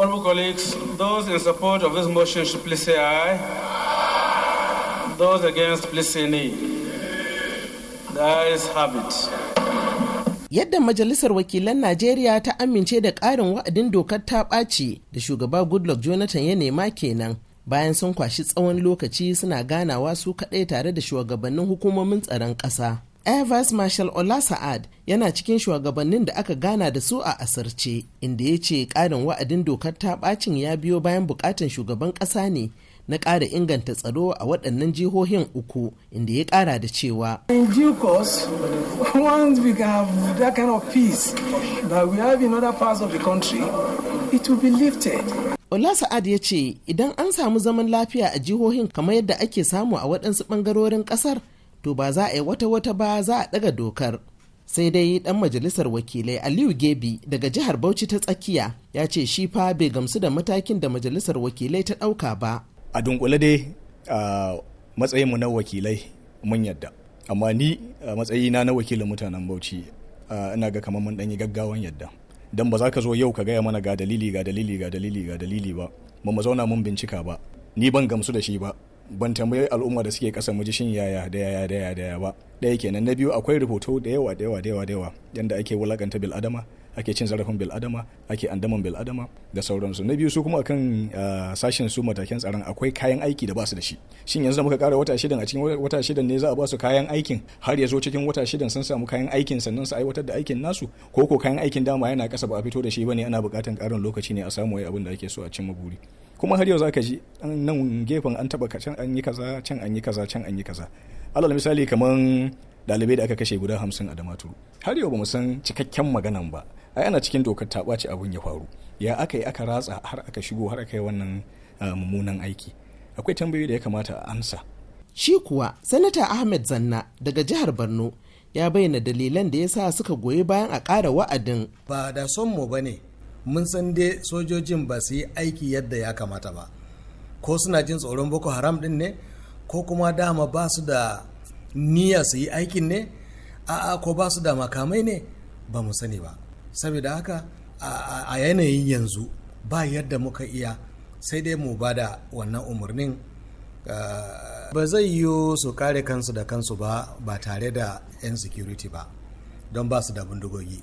Honourable colleagues, those in support of this motion should please say aye. Those against, please say nay. The ayes have it. yadda majalisar wakilan najeriya ta amince da ƙarin wa'adin dokar ta ɓaci da shugaba goodluck jonathan ya nema kenan bayan sun kwashi tsawon lokaci suna ganawa su kaɗai tare da shugabannin hukumomin tsaron ƙasa Air Vice Marshal Ola Sa'ad yana cikin shugabannin da aka gana da su a asirce inda ya ce ƙarin wa'adin dokar ta bacin ya biyo bayan buƙatan shugaban ƙasa ne na ƙara inganta tsaro a waɗannan jihohin uku, inda ya ƙara da cewa. Ola Sa'ad ya ce idan an samu zaman lafiya a jihohin kamar yadda ake samu a waɗansu ɓangarorin ƙasar, to ba za a yi wata wata ba za a ɗaga dokar sai dai dan majalisar wakilai aliyu gebi daga jihar bauchi ta tsakiya ya ce shi fa bai gamsu da matakin da majalisar wakilai ta ɗauka ba a dunkule dai a matsayinmu na wakilai mun yadda amma ni a matsayina na wakilin mutanen bauchi ina ga kamar mun danyi gaggawan yadda dan ba za ka zo yau ka gaya mana ga dalili ga dalili ga dalili ga dalili ba ba mu zauna mun bincika ba ni ban gamsu da shi ba ban tambayi al'umma da suke kasa mu ji shin yaya da yaya da yaya ba ɗaya kenan na biyu akwai rubutu da yawa da yawa da yawa da yawa yanda ake wulakanta bil adama ake cin zarafin bil'adama ake andaman bil'adama da sauransu na biyu su kuma akan sashen su matakin tsaron akwai kayan aiki da ba su da shi shin yanzu muka kara wata shidan a cikin wata shidan ne za a ba su kayan aikin har ya zo cikin wata shidan sun samu kayan aikin sannan su aiwatar da aikin nasu ko ko kayan aikin dama yana kasa ba a fito da shi bane ana bukatan karin lokaci ne a samu wai abin da ake so a cimma buri kuma har yau za ka ji nan gefen an taba can an yi kaza can an yi kaza can an yi kaza alal misali kamar dalibai da aka kashe guda hamsin a damaturu har yau ba mu san cikakken maganan ba ai ana cikin dokar ta ɓaci abin ya faru ya aka yi aka ratsa har aka shigo har aka yi wannan mummunan aiki akwai tambayoyi da ya kamata a amsa shi kuwa sanata ahmed zanna daga jihar borno ya bayyana dalilan da ya sa suka goyi bayan a ƙara wa'adin ba da son mu bane mun san dai sojojin ba su yi aiki yadda ya kamata ba ko suna jin tsoron boko haram din ne ko kuma dama ba su da niyya su yi aikin ne a'a ko ba su da makamai ne ba mu sani ba saboda haka a yanayin yanzu ba yadda muka iya sai dai mu ba da wannan umarnin ba zai yiwu su kare kansu da kansu ba ba tare da 'yan security ba don ba su da bindigogi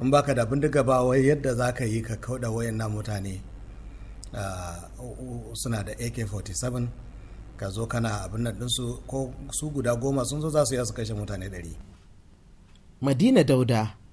in baka da bindiga ba wai yadda za ka yi ka kauda wayan na mutane suna da ak-47 ka zo kana abin nan ɗinsu ko su guda goma sun zo za su yi su kashe mutane 100 madina dauda